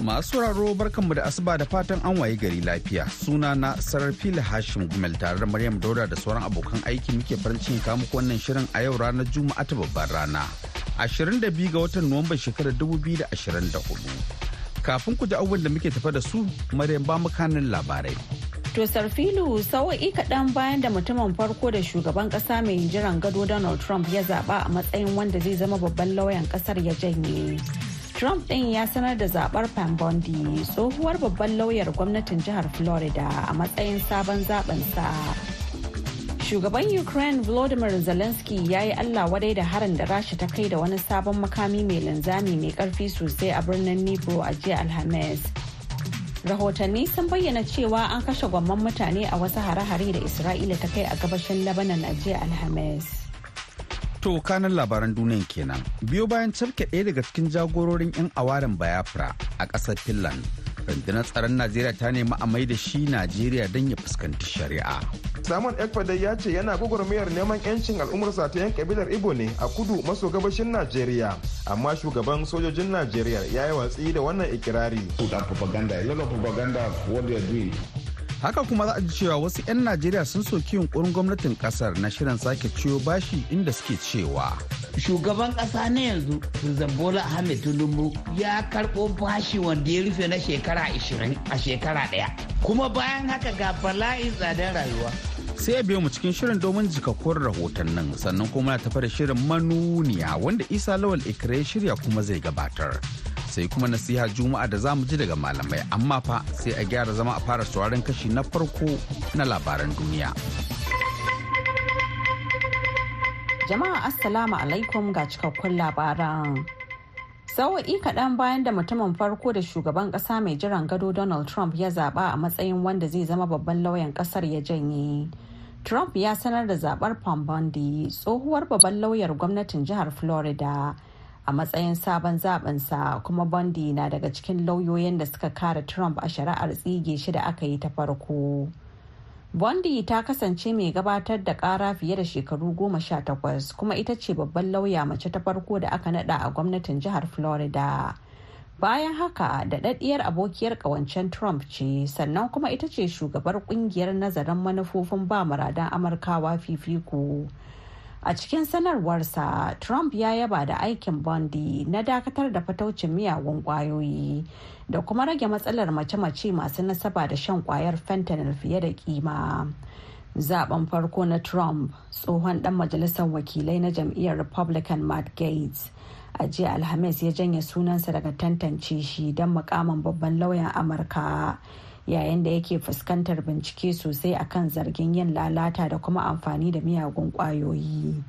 Masu sauraro barkanmu da asuba da fatan an waye gari lafiya. Suna na Sarfila Hashim Gumel tare da Maryam Dauda da sauran abokan aiki muke farin cikin muku wannan shirin a yau ranar Juma'a ta babbar rana. 22 ga watan Nuwamba shekarar 2024. Kafin ku ji abubuwan da muke tafa da su, Maryam ba mu kanin labarai. To Sarfilu sawa'i kaɗan bayan da mutumin farko da shugaban ƙasa mai jiran gado Donald Trump ya zaɓa a matsayin wanda zai zama babban lauyan ƙasar ya janye. Trump ɗin ya sanar da zaɓar Pam Bondi tsohuwar babban lauyar gwamnatin jihar Florida a matsayin sabon sa. Shugaban Ukraine Volodymyr Zelensky ya yi Allah wadai da harin da Rasha ta kai da wani sabon makami mai linzami mai ƙarfi sosai a birnin Nibro a jiya Alhamis. Rahotanni sun bayyana cewa an kashe gwamman mutane a wasu hare-hare da Isra'ila ta kai a gabashin Lebanon a jiya Alhamis. To kanan labaran duniya kenan. Biyo bayan cafke ɗaya daga cikin jagororin 'yan awarin Biafra a ƙasar Finland. Rundunar tsaron Najeriya ta nemi a mai da shi Najeriya don ya fuskanci shari'a. Samun Ekpade ya ce yana gwagwarmayar neman 'yancin sa ta 'yan kabilar Ibo ne a kudu maso gabashin Najeriya. Amma shugaban sojojin Najeriya ya yi watsi da wannan ikirari. propaganda, a lot haka kuma za a ji cewa wasu 'yan najeriya sun soki yunkurin gwamnatin kasar na shirin sake ciyo bashi inda suke cewa shugaban kasa na yanzu zambola ahmed tinubu ya karbo bashi wanda ya rufe na shekara 20 a shekara daya kuma bayan haka ga bala'in tsadar rayuwa sai ya biyo mu cikin shirin domin jikakkun rahotannin sannan kuma na tafi da shirin manuniya wanda isa lawal ikire shirya kuma zai gabatar sai kuma nasiha juma'a da za mu ji daga malamai amma fa sai a gyara zama a fara sauraron kashi na farko na labaran duniya. Jama'a Assalamu alaikum ga cikakkun labaran. Sau'i kaɗan bayan da mutumin farko da shugaban ƙasa mai jiran gado Donald Trump ya zaɓa a matsayin wanda zai zama babban lauyan ƙasar ya janye. Trump ya sanar da zaɓar Pam Bondi, tsohuwar babban lauyar gwamnatin jihar Florida. a matsayin sabon sa kuma bondi na daga cikin lauyoyin da suka kare trump a shari'ar tsige shi da aka yi ta farko bondi ta kasance mai gabatar da ƙara fiye da shekaru goma sha takwas kuma ita ce babban lauya mace ta farko da aka nada a gwamnatin jihar florida bayan haka daɗaɗɗiyar abokiyar ƙawancen trump ce sannan kuma ita ce shugabar ƙungiyar nazarin manufofin ba muradan amurkawa fifiko a cikin sanarwarsa trump ya yaba da aikin bondi na dakatar da fataucin miyagun kwayoyi da kuma rage matsalar mace-mace masu nasaba da shan kwayar fentanyl fiye da kima zaben farko na trump tsohon dan majalisar wakilai na jam'iyyar republican matt gates a jiya alhamis ya janye sunansa daga tantance shi don mukamin babban lauyan amurka yayin da yake fuskantar bincike sosai a kan zargin yin lalata da kuma amfani da miyagun kwayoyi.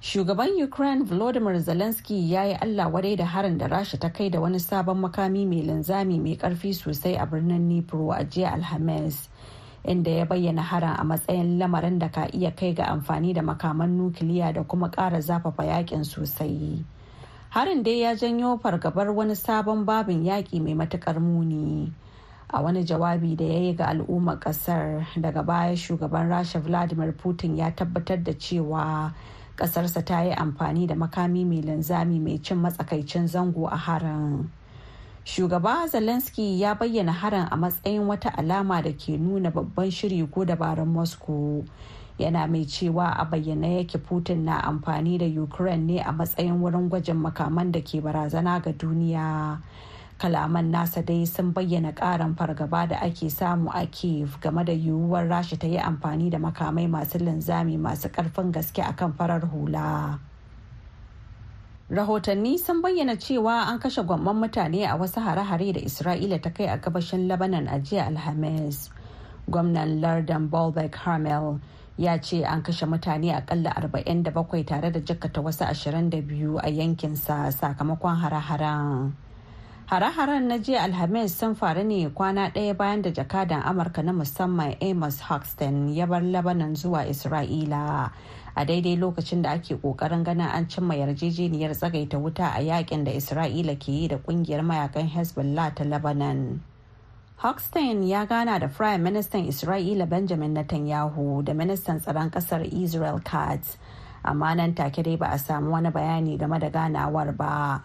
Shugaban Ukraine Volodymyr Zelensky ya yi Allah wadai da harin da Rasha ta kai da wani sabon makami mai linzami mai karfi sosai a birnin Nipro a jiya Alhamis, inda ya bayyana harin a matsayin lamarin da ka iya kai ga amfani da makaman nukiliya da kuma ƙara zafafa yakin sosai. Harin dai ya janyo fargabar wani sabon babin yaƙi mai matuƙar muni. a wani jawabi da ya yi ga al'ummar kasar daga baya shugaban rasha vladimir putin ya tabbatar da cewa kasarsa ta yi amfani da makami mai linzami mai cin matsakaicin zango a harin shugaba zelensky ya bayyana harin a matsayin wata alama da ke nuna babban shiri ko dabarun moscow yana mai cewa a bayyana yake putin na amfani da ukraine ne a matsayin wurin gwajin makaman da ke barazana ga duniya kalaman nasa dai sun bayyana ƙaran fargaba da ake samu a kiev game da yiwuwar rasha ta yi amfani da makamai masu linzami masu karfin gaske akan farar hula rahotanni sun bayyana cewa an kashe gwamman mutane a wasu hare-hare da isra'ila ta kai a gabashin labanan a jiya alhamis gwamnan lardan balbec harmel ya ce an kashe mutane akalla 47 tare da jikkata wasu 22 a yankinsa sakamakon hare-haren Hare-haren na jiya Alhamis sun faru ne kwana ɗaya bayan da jakadan Amurka na musamman Amos Hoxton ya bar Lebanon zuwa Isra'ila. A daidai lokacin da ake ƙoƙarin ganin an cimma yarjejeniyar tsagaita wuta a yakin da Isra'ila ke yi da ƙungiyar mayakan Hezbollah ta Lebanon. Hoxton ya gana da Prime minister Isra'ila Benjamin Netanyahu da Ministan Tsaron Ƙasar Israel Katz, amma nan take dai ba a samu wani bayani game da ganawar ba.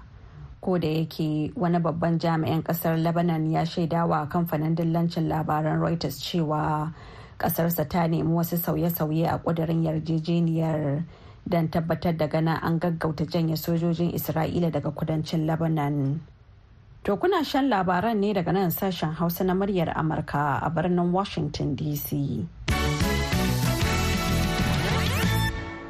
ko da yake wani babban jami'in kasar lebanon ya shaidawa kamfanin dillancin labaran reuters cewa kasarsa ta nemi wasu sauye-sauye a kudirin yarjejeniyar don tabbatar da gana an gaggauta janye sojojin isra'ila daga kudancin lebanon to kuna shan labaran ne daga nan sashen hausa na muryar amurka a birnin washington dc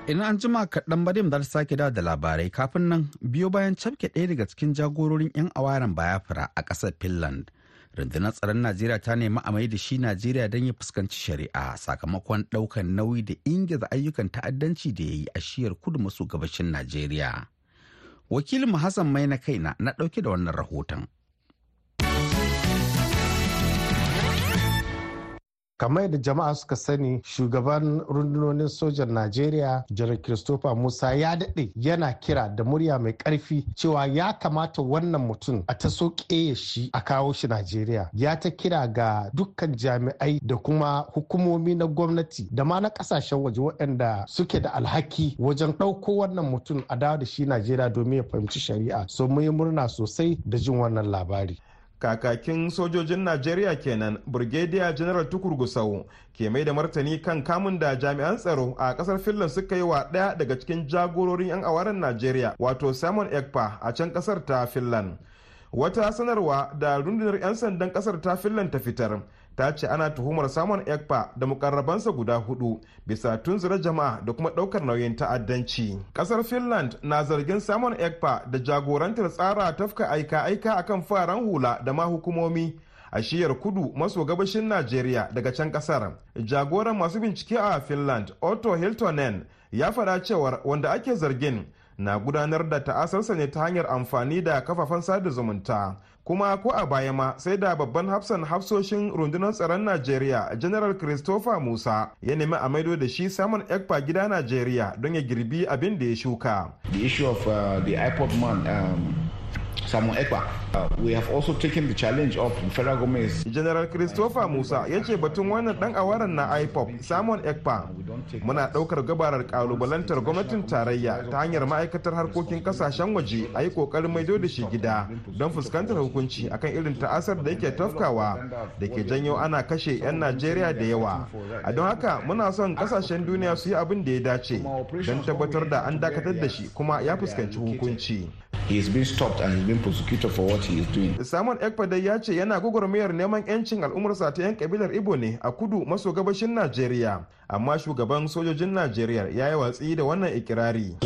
Ina an jima kaɗan Maryam za ta sake da da labarai kafin nan biyo bayan cafke ɗaya daga cikin jagororin 'yan awaren bayafra a ƙasar Finland. Rundunar tsaron Najeriya ta nemi a da shi Najeriya don ya fuskanci shari'a sakamakon ɗaukan nauyi da ingiza ayyukan ta'addanci da ya yi a shiyar kudu maso gabashin Najeriya. Wakilin Hassan Mai na kaina na ɗauke da wannan rahoton. kamar yadda jama'a suka sani shugaban rundunonin sojan najeriya janar christopher musa ya daɗe yana kira da murya mai karfi cewa ya kamata wannan mutum a ta soke shi a kawo shi najeriya ya ta kira ga dukkan jami'ai da kuma hukumomi na gwamnati da ma na ƙasashen waje waɗanda suke da alhaki wajen ɗauko wannan mutum a dawo da shi najeriya domin ya fahimci shari'a so mu yi murna sosai da jin wannan labari kakakin sojojin najeriya kenan brigadier general tukur gusau ke mai da martani kan kamun da jami'an tsaro a kasar finland suka yi wa daya daga cikin jagororin 'yan awaren najeriya wato simon ekpa a can kasar ta finland wata sanarwa da rundunar 'yan sandan kasar ta finland ta fitar ta ce ana tuhumar samun ekpa da mukarrabansa guda hudu bisa tunzura jama'a da kuma daukar nauyin ta'addanci kasar finland na zargin samun ekpa da jagorantar tsara tafka aika-aika akan faran hula da ma hukumomi a shiyar kudu maso gabashin najeriya daga can kasar jagoran masu bincike a finland otto hiltonen ya faɗa cewar wanda ake zargin na gudanar da ta'asarsa ne ta hanyar amfani da kafafen sada zumunta kuma ko a baya ma sai da babban hafsan hafsoshin rundunar tsaron najeriya general christopher musa ya nemi a maido da shi samun ekpa gida najeriya don ya girbi abin da ya shuka the issue of uh, the ipod man um, samun ekwa uh, we have also taken the challenge of federal gomez general christopher musa ya ce batun wannan dan awaran na ipop samun ekpa muna daukar gabarar kalubalantar gwamnatin tarayya ta hanyar ma'aikatar harkokin kasashen waje a yi kokarin maido da shi gida don fuskantar hukunci akan irin ta'asar da yake tafkawa da ke janyo ana kashe 'yan najeriya da yawa a don haka muna son kasashen duniya su yi abin da ya dace don tabbatar da an dakatar da shi kuma ya fuskanci hukunci. He been stopped and been being prosecuted for what he is doing. ya ce yana gwagwarmayar neman 'yancin sa ta 'yan kabilar Ibo ne a kudu maso gabashin Najeriya. Amma shugaban sojojin Najeriya ya yi watsi da wannan ikirari.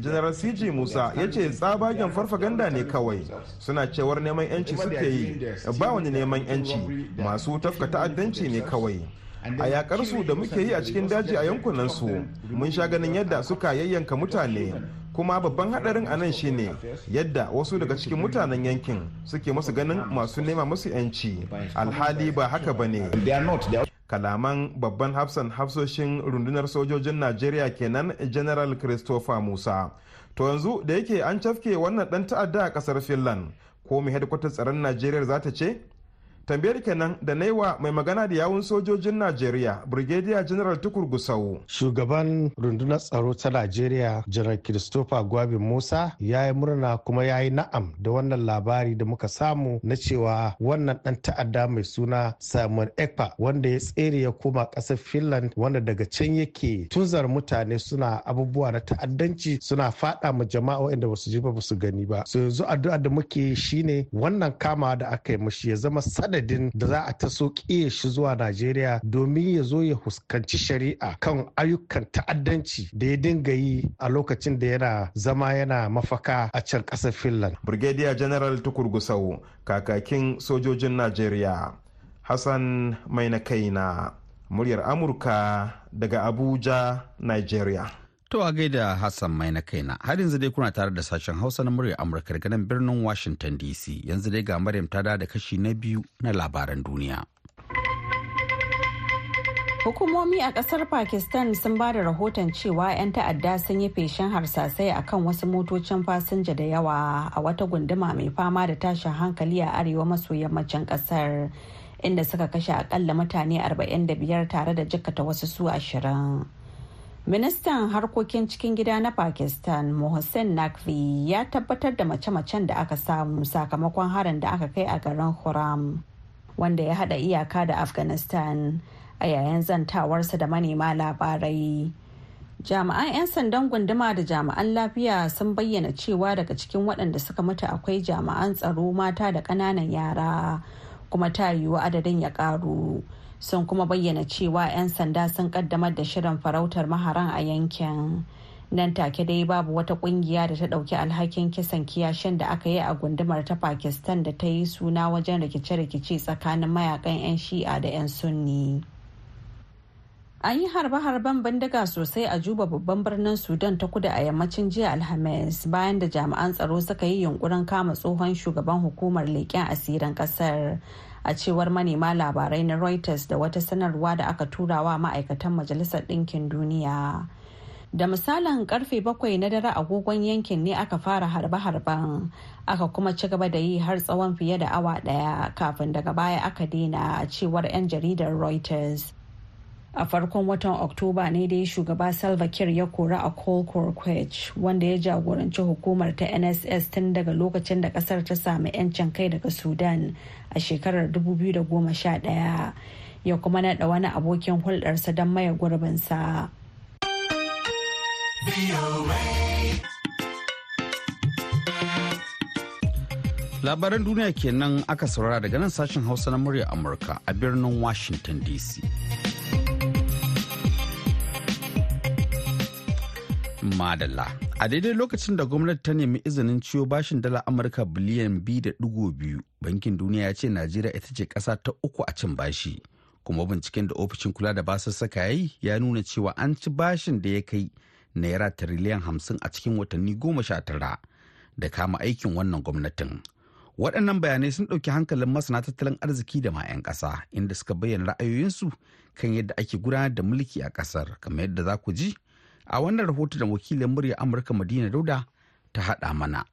General CG Musa ya ce tsabagen farfaganda ne kawai. Suna cewar neman 'yanci suke yi. Ba wani neman 'yanci. Masu tafka ta'addanci ne kawai. a yakar su da muke yi a cikin daji a yankunan su mun sha ganin yadda suka yayyanka mutane kuma babban hadarin a nan shine yadda wasu daga cikin mutanen yankin suke masu ganin masu nema musu yanci alhali ba haka ba ne kalaman babban hafsan hafsoshin rundunar sojojin najeriya kenan general christopher musa to yanzu da yake an cafke wannan dan ta'adda a kasar finland ko mai hedkwatar tsaron najeriya za ta ce tambayar kenan da naiwa mai magana da yawun sojojin najeriya brigadier general tukur gusau shugaban rundunar tsaro ta najeriya general christopher gwabi musa ya yi murna kuma ya yi na'am da wannan labari da muka samu na cewa wannan dan ta'adda mai suna samuel ekpa wanda ya tsere ya koma ƙasar finland wanda daga can yake tunzar mutane suna abubuwa na ta'addanci suna fada ma jama'a waɗanda ba su ji ba su gani ba so yanzu addu'a da muke shine wannan kama da aka yi mashi ya zama sada sanadin da za a taso kiye shi zuwa Najeriya domin ya zo ya fuskanci shari'a kan ayyukan ta'addanci da ya dinga yi a lokacin da yana zama yana mafaka a can ƙasar Finland. Brigadier General tukurgusau kakakin sojojin Najeriya, Hassan Mai na muryar Amurka daga Abuja, Nigeria. To a gaida Hassan mai na kaina har yanzu dai kuna tare da sashen Hausa na muryar Amurka daga nan birnin Washington DC yanzu dai ga Maryam ta da kashi na biyu na labaran duniya. Hukumomi a ƙasar Pakistan sun ba da rahoton cewa 'yan ta'adda sun yi feshin harsasai a kan wasu motocin fasinja da yawa a wata gunduma mai fama da tashin hankali a arewa maso yammacin ƙasar inda suka kashe akalla mutane 45 tare da jikkata wasu su ashirin. ministan harkokin cikin gida na pakistan mohsen nakvi ya tabbatar da mace-macen da aka samu sakamakon harin da aka kai a garin huram wanda ya hada iyaka da afghanistan a yayin zantawarsa da manema labarai jami'an 'yan sandan gunduma da jami'an lafiya sun bayyana cewa daga cikin waɗanda suka mutu akwai jami'an tsaro mata da ƙananan yara kuma ta yiwu adadin ya ƙaru sun kuma bayyana cewa 'yan sanda sun kaddamar da shirin farautar maharan a yankin nan take dai babu wata kungiya da ta ɗauki alhakin kisan kiyashin da aka yi a gundumar ta pakistan da ta yi suna wajen rikice-rikice tsakanin mayakan 'yan shi'a da 'yan sunni An yi harbe-harben bindiga sosai a Juba babban birnin Sudan ta kudu a yammacin jiya Alhamis bayan da jami'an tsaro suka yi yunkurin kama tsohon shugaban hukumar leƙen asirin ƙasar. A cewar manema labarai na Reuters da wata sanarwa da aka tura wa ma'aikatan Majalisar Ɗinkin Duniya. Da misalin karfe bakwai na dare agogon yankin ne aka fara harbe-harben, aka kuma ci gaba da yi har tsawon fiye da awa ɗaya kafin daga baya aka daina a cewar 'yan jaridar Reuters. a farkon watan oktoba ne dai shugaba salva kiir ya kori a cole wanda ya jagoranci hukumar ta nss tun daga lokacin da kasar ta sami 'yancin kai daga sudan a shekarar 2011 ya kuma naɗa wani abokin hulɗarsa don maye gurbinsa labaran duniya kenan aka saurara daga nan sashen hausa na murya amurka a birnin washington dc Madalla. A daidai lokacin da gwamnati ta nemi izinin ciwo bashin dala Amurka biliyan biyu Bankin Duniya ya ce Najeriya ita ce kasa ta uku a cin bashi. Kuma binciken da ofishin kula da basussuka yi ya nuna cewa an ci bashin da ya kai naira tiriliyan hamsin a cikin watanni goma sha tara da kama aikin wannan gwamnatin. Waɗannan bayanai sun ɗauki hankalin masana tattalin arziki da ma 'yan ƙasa inda suka bayyana ra'ayoyinsu kan yadda ake gudanar da mulki a ƙasar kamar yadda za ku ji a wannan rahoto da wakilin murya amurka madina dauda ta haɗa mana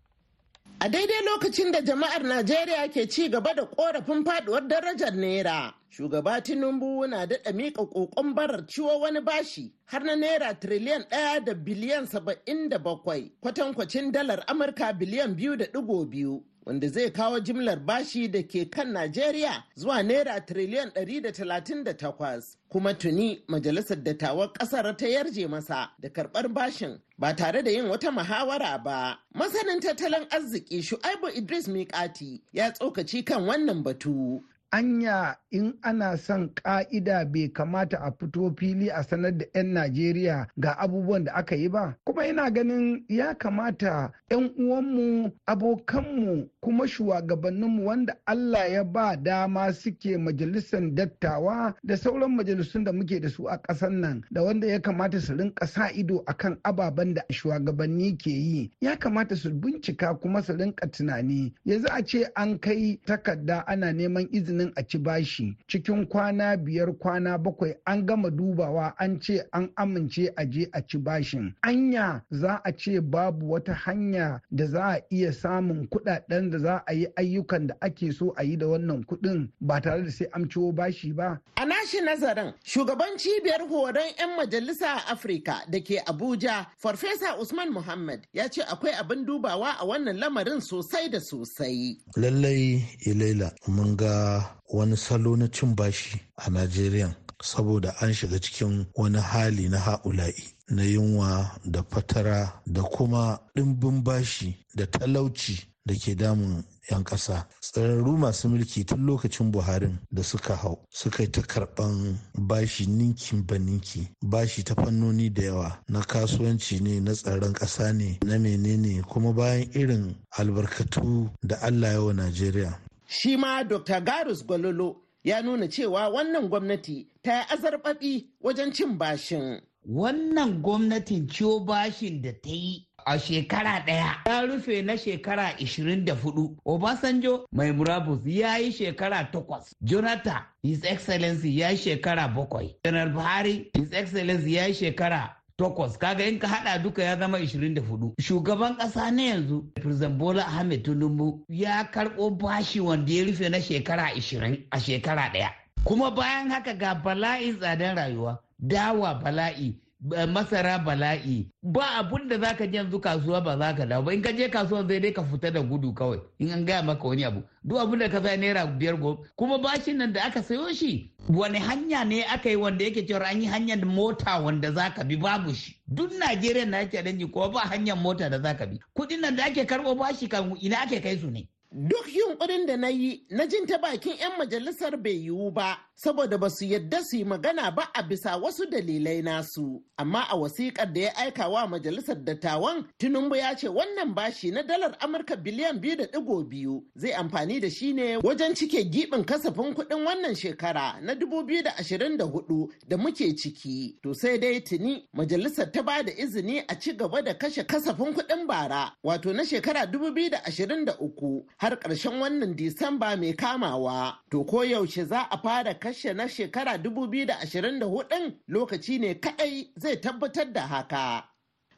a daidai lokacin da jama'ar najeriya ke ci gaba da korafin faduwar darajar naira shugaba tinubu na daɗa miƙa ƙoƙon barar ciwo wani bashi har na naira triliyan ɗaya da biliyan saba'in da bakwai kwatankwacin dalar amurka biliyan biyu da ɗigo biyu wanda zai kawo jimlar bashi da ke kan Najeriya zuwa Naira triliyan 138 kuma tuni majalisar dattawan ƙasar ta yarje masa da karɓar bashin ba tare da yin wata muhawara ba. Masanin tattalin arziki Shu'aibu Idris Mikati ya tsokaci kan wannan batu. anya in ana son ka'ida bai kamata a fito fili a sanar da 'yan najeriya ga abubuwan da aka yi ba kuma ina ganin ya kamata 'yan uwanmu abokanmu kuma shugabanninmu wanda allah ya ba dama suke majalisar dattawa da sauran majalisun da muke da su a ƙasar nan da wanda ya kamata su rinka sa ido akan ababen da shugabanni ke yi ya kamata su bincika kuma su rinka tunani yanzu a ce an kai takarda ana neman izini izinin a ci bashi cikin kwana biyar kwana bakwai an gama dubawa an ce an amince a je a ci bashin anya za a ce babu wata hanya da za a iya samun kudaden da za a yi ayyukan da ake so a yi da wannan kudin ba tare da sai an bashi ba a nashi nazarin shugaban cibiyar horon 'yan majalisa a afirka da ke abuja farfesa usman muhammad ya ce akwai abin dubawa a wannan lamarin sosai da sosai lallai ilaila eh, mun ga wani salo na cin bashi a Najeriya saboda an shiga cikin wani hali na ha'ula'i na yunwa da fatara da kuma ɗimbin bashi da talauci da ke damun 'yan ƙasa. Tsararru masu mulki tun lokacin Buharin da suka hau suka yi ta karɓan bashi ninkin ba ninki bashi ta fannoni da yawa na kasuwanci ne na tsaron ƙasa ne na menene kuma bayan irin albarkatu da Allah yawa Najeriya Shi ma Dr. Garus Gwalolo ya nuna cewa wannan gwamnati ta yi azarbaɓi wajen cin bashin. Wannan gwamnatin ciwo bashin da ta yi a shekara ɗaya ya rufe na shekara 24. Obasanjo mai murabus ya yi shekara takwas. Jonathan His Excellency ya yi shekara bakwai. Janar Buhari His Excellency ya yi shekara takwas kaga in ka hada duka ya zama 24 shugaban kasa na yanzu firzan bola ahmed tinubu ya karbo bashi wanda ya rufe na shekara 20 a shekara daya kuma bayan haka ga bala'in tsadar rayuwa dawa bala'i Eh, masara bala'i ba abun da ka je yanzu kasuwa ba za ka dawo ba in ka je kasuwa zai dai ka fita da gudu kawai in an gaya maka wani abu duk abun da ka zai naira biyar gobe kuma bashin nan da aka sayo shi wani hanya ne aka yi wanda yake cewa an yi hanyar mota wanda za ka bi babu shi duk Najeriya na yake danji ko ba hanyar mota da za ka bi kudin nan da ake karbo bashi kan ina ake kai su ne Duk yunkurin da na yi na jin ta bakin 'yan majalisar bai yiwu ba, saboda ba su yadda su yi magana ba a bisa wasu dalilai nasu. Amma a wasikar da ya aika wa majalisar dattawan, Tunumbu ya ce wannan bashi na dalar Amurka biliyan biyu da digo biyu zai amfani da shi ne wajen cike gibin kasafin kuɗin wannan shekara na dubu biyu da ashirin da hudu da muke ciki. To sai dai tuni majalisar ta bada izini a ci gaba da kashe kasafin kuɗin bara wato na shekara dubu biyu da ashirin da uku. har ƙarshen wannan Disamba mai kamawa. To koyaushe za a fara kashe na shekara 2024 lokaci ne kaɗai zai tabbatar da haka.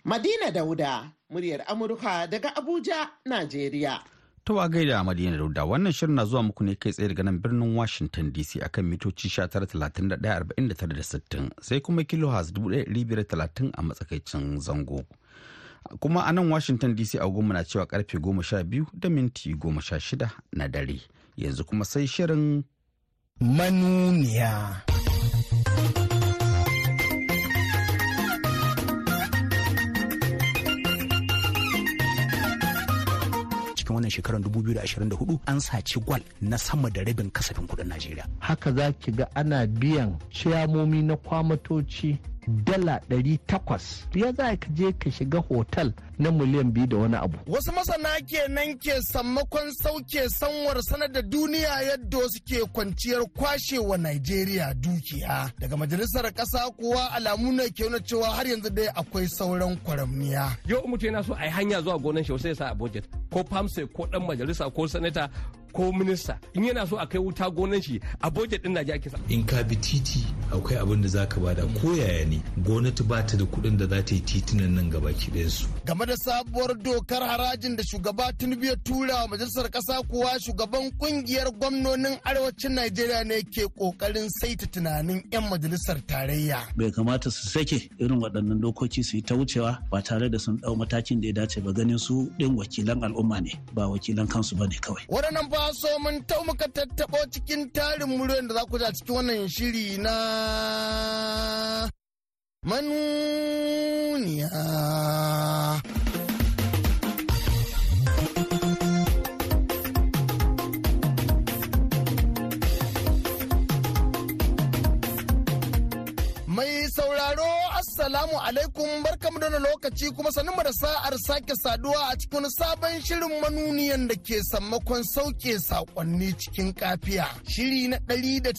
Madina Dauda, muryar Amurka daga Abuja, Najeriya. gaida a Madina Dauda wannan shirin na zuwa muku ne kai tsaye daga nan birnin Washington DC akan mitoci 1931 sai kuma kilo 1530 a matsakaicin zango. kuma a nan washington dc goma na cewa karfe sha biyu da minti shida na dare yanzu kuma sai shirin manuniya cikin wannan shekarar 2024 an saci gwal na sama da rabin kasafin kudin najeriya haka za ki ga ana biyan ciyamomi na kwamatoci dala ɗari takwas ya za ka je ka shiga hotel na miliyan biyu da wani abu. Wasu masana nan ke sammakon sauke sanwar sanar da duniya yadda suke kwanciyar kwashewa Najeriya dukiya. Daga majalisar ƙasa kuwa alamu ne ke nuna cewa har yanzu dai akwai sauran kwaramniya. Yau mutum yana so a yi hanya zuwa gonan shi sai ya sa a budget ko famsa ko dan majalisa ko sanata ko minista in yana so a kai wuta gonan shi a budget din Najeriya ake in ka bi titi akwai abin da zaka bada ko yaya ne gwamnati ba ta da kuɗin da za ta yi titunan nan gaba ki su game da sabuwar dokar harajin da shugaba Tinubu ya tura wa majalisar ƙasa kuwa shugaban kungiyar gwamnonin arewacin Najeriya ne ke kokarin saita tunanin 'yan majalisar tarayya bai kamata su sake irin waɗannan dokoki su yi ta wucewa ba tare da sun ɗau matakin da ya dace ba ganin su ɗin wakilan al'umma ne ba wakilan kansu ba ne kawai waɗannan so mun tau muka tattaɓo cikin tarin muryoyin da za ku ja cikin wannan shiri na manuniya. mu da lokaci kuma sanin mu da sa'ar sake saduwa a cikin sabon shirin manuniyan da ke sammakon sauke sakonni cikin kafiya. Shiri na ɗari da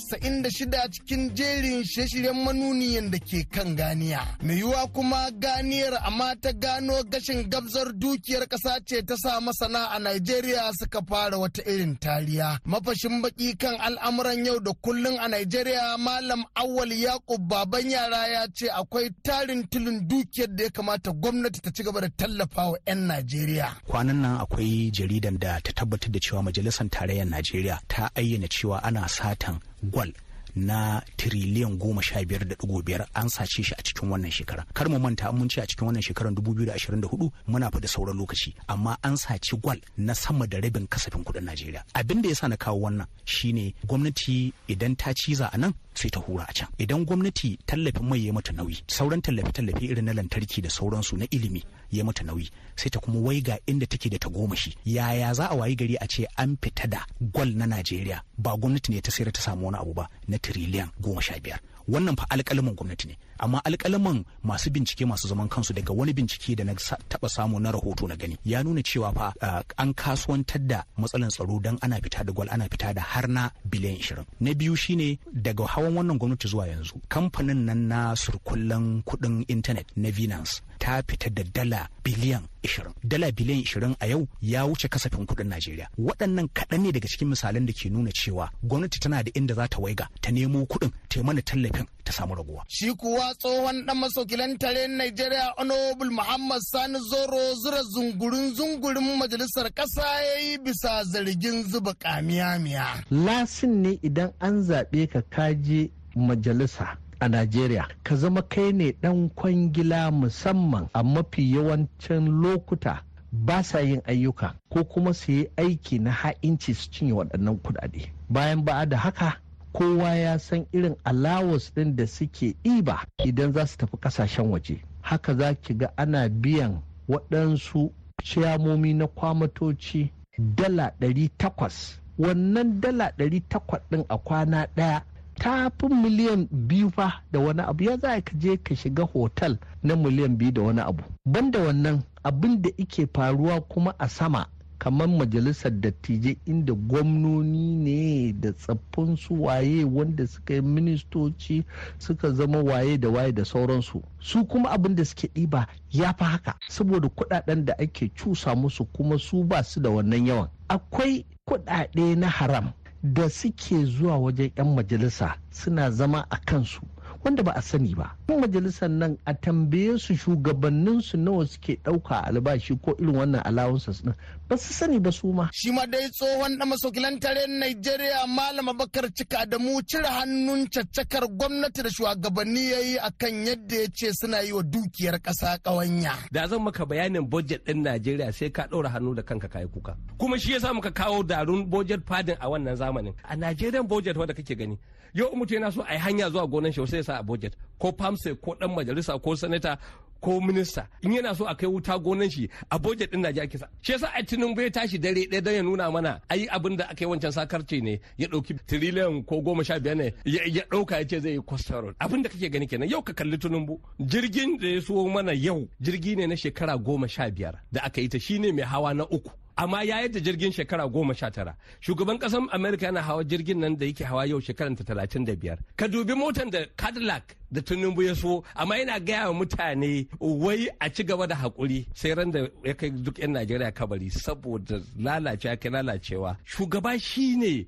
da shida cikin jerin shirye-shiryen manuniyan da ke kan ganiya. Mai yiwuwa kuma ganiyar amma ta gano gashin gabzar dukiyar ƙasa ce ta sa masana a Najeriya suka fara wata irin tariya. Mafashin baki kan al'amuran yau da kullun a Najeriya Malam Awal Yakub baban yara ya ce akwai tarin tulun dukiyar da ya ya kamata gwamnati ta ci gaba da tallafa wa 'yan Najeriya. Kwanan nan akwai jaridan da ta tabbatar da cewa Majalisar Tarayyar Najeriya ta ayyana cewa ana satan gwal na tiriliyan goma sha biyar da ɗigo biyar an sace shi a cikin wannan shekara kar mu manta mun ce a cikin wannan shekarar dubu biyu da ashirin da hudu muna faɗi sauran lokaci amma an saci gwal na sama da rabin kasafin kuɗin najeriya abin da ya sa na kawo wannan shine gwamnati idan ta ciza a nan sai ta hura a can idan gwamnati tallafin mai ya mata nauyi sauran tallafe-tallafe irin na lantarki da sauransu na ilimi ya mata nauyi sai ta kuma wai ga inda take da ta goma shi yaya za a wayi gari a ce an fita da gwal na najeriya ba gwamnati ne ta sayar ta samu wani abu ba na tiriliyan goma sha biyar wannan fa alƙalamin gwamnati ne amma alƙalaman masu bincike masu zaman kansu daga wani bincike da na taɓa samu na rahoto na gani ya nuna cewa fa eh, an kasuwantar da matsalan tsaro don ana fita da gwal ana fita da har na biliyan shirin na biyu shine daga hawan wannan gwamnati zuwa yanzu kamfanin nan na surkullen kuɗin intanet na binance ta fita da dala biliyan 20 dala biliyan 20 a yau ya wuce kasafin kuɗin Najeriya waɗannan kaɗan ne daga cikin misalin da ke nuna cewa gwamnati tana da inda za ta waiga ta nemo kuɗin ta mana tallafin ta samu raguwa shi kuwa tsohon ɗan masaukilan tare Najeriya Honorable Muhammad Sani Zoro zura zungurin zungurin majalisar ƙasa ya yi bisa zargin zuba kamiya miya lasin ne idan an zaɓe ka kaje majalisa a Najeriya ka zama kai ne dan kwangila musamman a mafi yawancin lokuta ba sa yin ayyuka ko kuma su yi aiki na ha'inci su cinye waɗannan kuɗaɗe. Bayan ba da haka kowa ya san irin alawas ɗin da suke ɗiba idan za su tafi ƙasashen waje. Haka za ki ga ana biyan waɗansu ciyamomi na kwamatoci dala ɗari takwas. Wannan dala ɗari takwas ɗin a kwana ɗaya ta fi miliyan biyu fa da wani abu ya za ka je ka shiga hotel na miliyan biyu da wani abu banda wannan abin da ike faruwa kuma a sama kamar majalisar dattijai inda gwamnoni ne da tsaffin su waye wanda suka yi ministoci suka zama waye da waye da sauransu su kuma abin da suke ɗiba ya fi haka saboda kuɗaɗen da ake cusa musu kuma su ba su da wannan yawan akwai kuɗaɗe na haram da suke zuwa wajen 'yan majalisa suna zama a kansu wanda ba a sani ba. Yan majalisar nan a tambaye su shugabanninsu nawa suke ɗauka albashi ko irin wannan alawunsa. ba su sani ba su ma. Shi ma dai tsohon da masaukilantaren nigeria Najeriya Malam Abakar Cika mu cire hannun caccakar gwamnati da shugabanni ya yi akan yadda ya ce suna yi wa dukiyar ƙasa ƙawanya. Da zan maka bayanin budget ɗin Najeriya sai ka ɗora hannu da kanka kayi kuka. Kuma shi yasa muka kawo darun budget fadin a wannan zamanin. A nigerian budget wanda kake gani. Yau mutum yana so a yi hanya zuwa gonan shi sai ya sa a budget. ko famsa ko dan majalisa ko sanata ko minista in yana so a kai wuta gonan shi a boje din Najeriya kisa shi yasa a tinin ya tashi dare ɗaya don ya nuna mana ai abin da aka yi wancan sakarci ne ya ɗauki tiriliyan ko goma sha biyar ne ya ɗauka ya ce zai yi costarol Road abin da kake gani kenan yau ka kalli Tinubu jirgin da ya so mana yau jirgi ne na shekara goma sha biyar da aka yi ta shine mai hawa na uku amma ya yadda jirgin shekara goma sha tara shugaban kasan america yana hawa jirgin nan da yake hawa yau shekaran ta talatin da biyar ka dubi motan da cadillac da tinubu ya so amma yana gaya wa mutane wai a ci gaba da hakuri sai ran da ya kai duk 'yan najeriya kabari saboda lalacewa kai lalacewa shugaba shi ne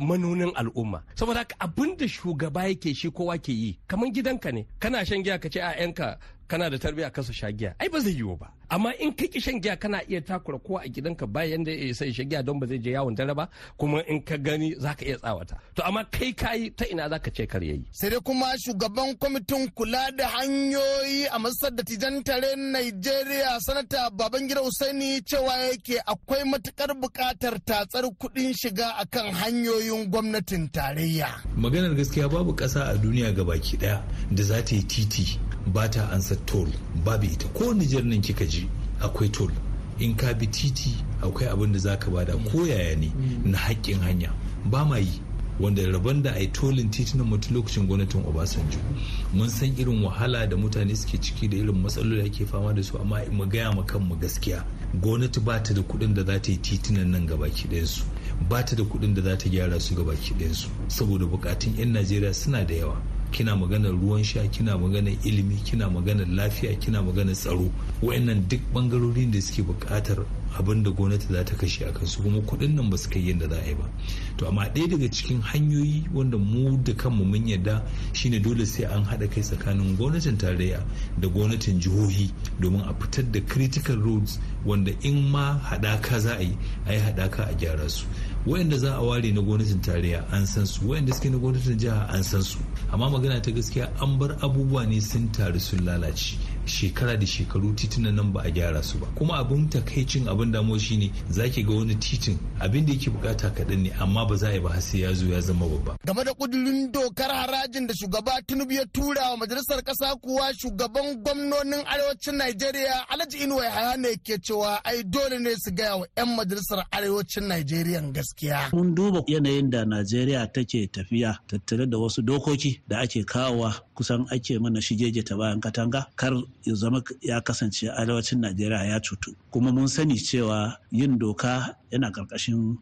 manonin al'umma saboda abin da shugaba yake shi kowa ke yi kamar gidanka ne kana shan giya ka ce a 'yanka kana da tarbiya kasa sha giya ai ba zai yiwu ba amma in ka ki shan giya kana iya takura kowa a gidanka bayan da ya sai shan giya don ba zai je yawon dare ba kuma in ka gani zaka iya tsawata to amma kai kayi ta ina zaka ce kar yayi sai dai kuma shugaban kwamitin kula da hanyoyi a masar da tijan tare Najeriya sanata Babangida Usaini cewa yake akwai matukar bukatar tatsar kudin shiga akan hanyoyin gwamnatin tarayya maganar gaskiya babu kasa a duniya ga baki da za ta yi titi ba ta ansa toll babu ita ko nijar nan kika ji akwai toll in ka bi titi akwai abin da zaka bada ko yaya ne mm. na haƙƙin hanya ba ma yi wanda rabon da ai tolin titunan mutu lokacin gwamnatin obasanjo mun san irin wahala da mutane suke ciki da irin matsaloli ake fama da su amma mu gaya ma kanmu gaskiya gwamnati ba ta da kuɗin da za ta yi titunan nan gabaki su ba ta da kuɗin da za ta gyara su ga gabaki su saboda bukatun 'yan najeriya suna da yawa kina maganar ruwan sha kina maganar ilimi kina maganar lafiya kina maganar tsaro wayannan duk bangarorin da suke bukatar abin da gwamnati za ta kashe a su kuma kudin nan ba su kai yadda za a yi ba to amma ɗaya daga cikin hanyoyi wanda mu da kanmu mun yadda shine dole sai an haɗa kai tsakanin gwamnatin tarayya da gwamnatin jihohi domin a fitar da critical roads wanda in ma haɗaka za a yi a yi haɗaka a gyara su wayanda za a ware na gwamnatin tarayya an san su wayanda suke na gwamnatin jiha an san su amma magana ta gaskiya an bar abubuwa ne sun taru sun lalace shekara da shekaru titunan nan ba a gyara su ba kuma abin takaicin abin damuwa shine zaki ga wani titin abin da yake bukata kaɗan ne amma ba za a yi ba sai ya zo ya zama babba game da kudurin dokar harajin da shugaba tinubu ya tura wa majalisar ƙasa kuwa shugaban gwamnonin arewacin najeriya alhaji inuwa ya ne ke cewa ai dole ne su gaya wa 'yan majalisar arewacin najeriya gaskiya mun duba yanayin da najeriya take tafiya tattare da wasu dokoki da ake kawowa kusan ake mana shige ta bayan katanga kar ya zama ya kasance arewacin najeriya ya cutu kuma mun sani cewa yin doka yana karkashin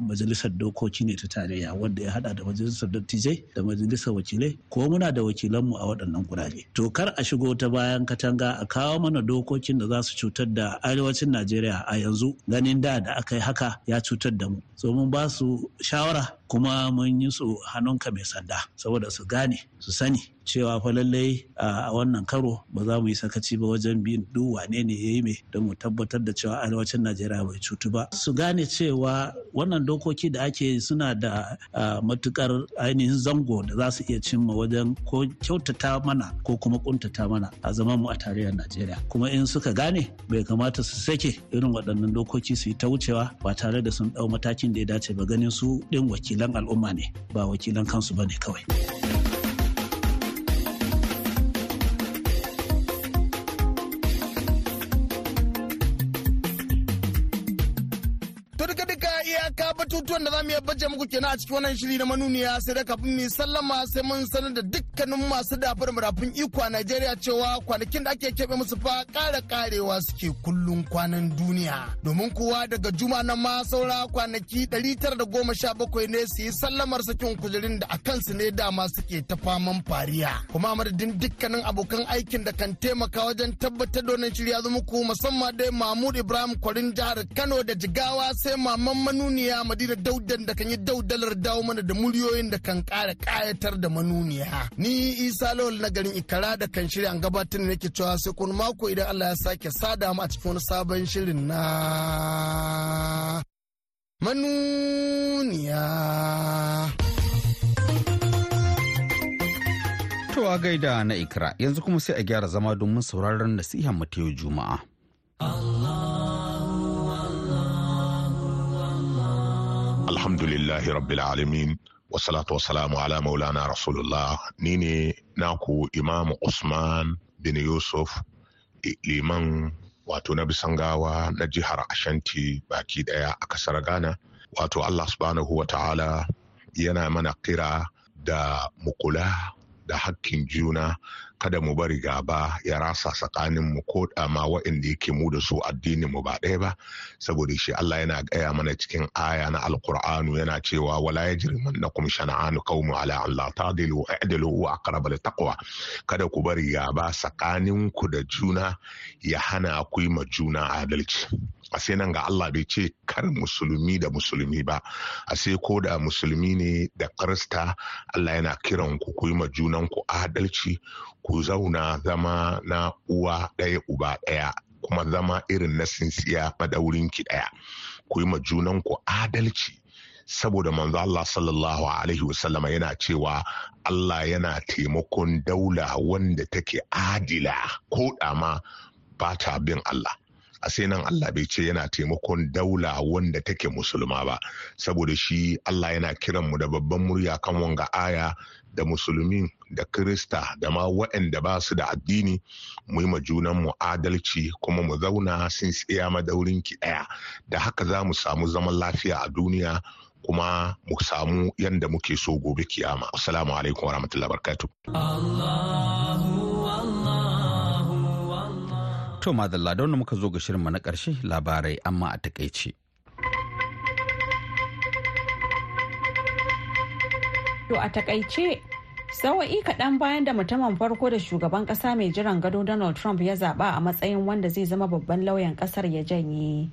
majalisar dokoki ne ta tarayya wanda ya hada da majalisar dattijai da majalisar wakilai ko muna da wakilanmu a waɗannan gurare to kar a shigo ta bayan katanga a kawo mana dokokin da za su cutar da arewacin najeriya a yanzu ganin da da aka yi haka ya cutar da mu so mun ba su shawara kuma mun yi su hannunka mai sanda saboda su gane su sani cewa fa lallai a wannan karo ba za mu yi sakaci ba wajen bin duk wane ne ya yi mai don mu tabbatar da cewa arewacin najeriya bai cutu ba su gane gane cewa wannan dokoki da ake suna da matukar ainihin zango da za su iya cimma wajen ko kyautata mana ko kuma kuntata mana a zaman mu a tarayyar najeriya kuma in suka gane bai kamata su sake irin waɗannan dokoki su yi ta wucewa ba tare da sun ɗau matakin da ya dace ba ganin su ɗin wakilan al'umma ne ba wakilan kansu ba ne kawai. abubuwan da za mu iya baje muku kenan a cikin wannan shiri na manuniya sai da kafin mu sallama sai mun sanar da dukkanin masu dafar murafin iko a Najeriya cewa kwanakin da ake keɓe musu fa ƙara ƙarewa suke kullun kwanan duniya. Domin kuwa daga juma na ma saura kwanaki 917 ne su yi sallamar sakin kujerin da a kansu ne dama suke ta faman fariya. Kuma madadin dukkanin abokan aikin da kan taimaka wajen tabbatar da wannan ya zama muku musamman dai Mahmud Ibrahim Kwarin jihar Kano da Jigawa sai maman manuniya Madina daudan da kan yi daudalar dawo mana da muryoyin da kan kara ƙayatar da manuniya. Ni Isa Lawal na garin Ikara da kan shirya an gabatar nake cewa sai kun mako idan Allah ya sake sada mu a cikin wani sabon shirin na manuniya. To a gaida na Ikra yanzu kuma sai a gyara zama domin sauraron nasiha Mateo Juma'a. Allah alhamdulillahi rabbil alamin wasalatu wasalamu ala maulana rasulullah nine naku imamu usman bin yusuf liman wato na bisangawa na jihar ashanti baki ɗaya a kasar ghana wato allah subhanahu wa ta'ala yana mana kira da mukula da hakkin juna kada mu bari gaba ya rasa tsakanin mu ko ma waɗanda yake mu da su addinin mu ba ɗaya ba saboda shi Allah yana gaya mana cikin aya na alkur'anu yana cewa wala yajrimannakum shana'anu qaumun ala an la tadilu i'dilu wa aqrabu taqwa kada ku bari gaba tsakanin ku da juna ya hana ku yi ma juna adalci a sai nan ga Allah bai ce kar musulmi da musulmi ba a sai ko da musulmi ne da krista Allah yana kiran ku ku yi ma junan ku adalci ku zauna zama na uwa ɗaya uba ɗaya kuma zama irin na sinsiya madaurin ki ɗaya ku yi ma junan ku adalci saboda manzo Allah sallallahu alaihi wasallama yana cewa Allah yana taimakon daula wanda take adila ko dama ba ta bin Allah a sai nan Allah bai ce yana taimakon daula wanda take musulma ba saboda shi Allah yana kiran mu da babban murya kan wanga aya da musulmi da kirista da ma waɗanda ba su da addini mu yi junan mu adalci kuma mu zauna sun tsaya madaurin ki ɗaya da haka za mu samu zaman lafiya a duniya kuma mu samu yadda muke so gobe kiyama assalamu alaikum warahmatullahi wabarakatuh Allah To madalla da muka zo ga shirinmu na karshe labarai amma a takaice. To a takaice sawa'i kaɗan bayan da mutumin farko da shugaban ƙasa mai jiran gado Donald Trump ya zaɓa a matsayin wanda zai zama babban lauyan ƙasar ya janye.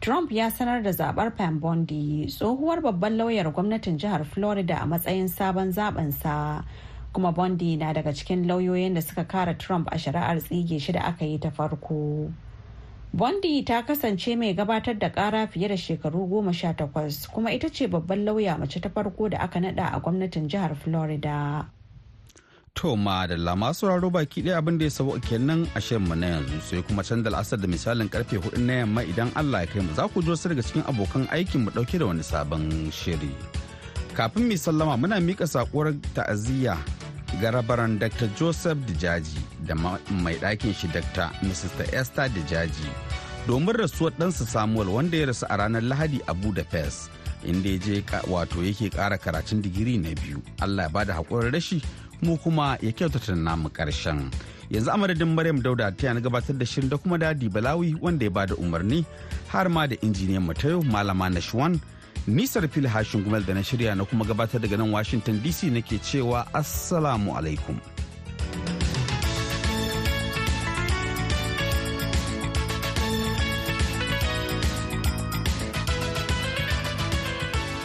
Trump ya sanar da zaɓar Pam Bondi tsohuwar babban lauyar gwamnatin jihar Florida a matsayin sabon zaɓensa. sa. kuma bondi na daga cikin lauyoyin da suka kara trump a shari'ar tsige shi da aka yi ta farko bondi ta kasance mai gabatar da kara fiye da shekaru goma sha takwas kuma ita ce babban lauya mace ta farko da aka nada a gwamnatin jihar florida toma da lama sauraro baki ɗaya abin da ya sabo kenan a mu na yanzu sai kuma canza da la'asar da misalin karfe hudu na yamma idan Allah ya kai mu za ku ji wasu daga cikin abokan aikin mu ɗauke da wani sabon shiri. Kafin mu sallama muna mika saƙuwar ta'aziyya ga rabaran dr joseph dijaji da mai ɗakin shi dr mrs esther dijaji domin rasuwar ɗansa samuel wanda ya rasu a ranar lahadi a budapest inda ya je wato yake kara karatun digiri na biyu allah ya bada haƙurin rashi mu kuma ya kyautata namu karshen yanzu amadadin maryam dauda ta yana gabatar da shirin da kuma dadi balawi wanda ya bada umarni har ma da injiniyan mu ta yau malama nashwan Nisar fil hashin gumel da na shirya na kuma gabatar daga nan Washington DC nake cewa Assalamu alaikum.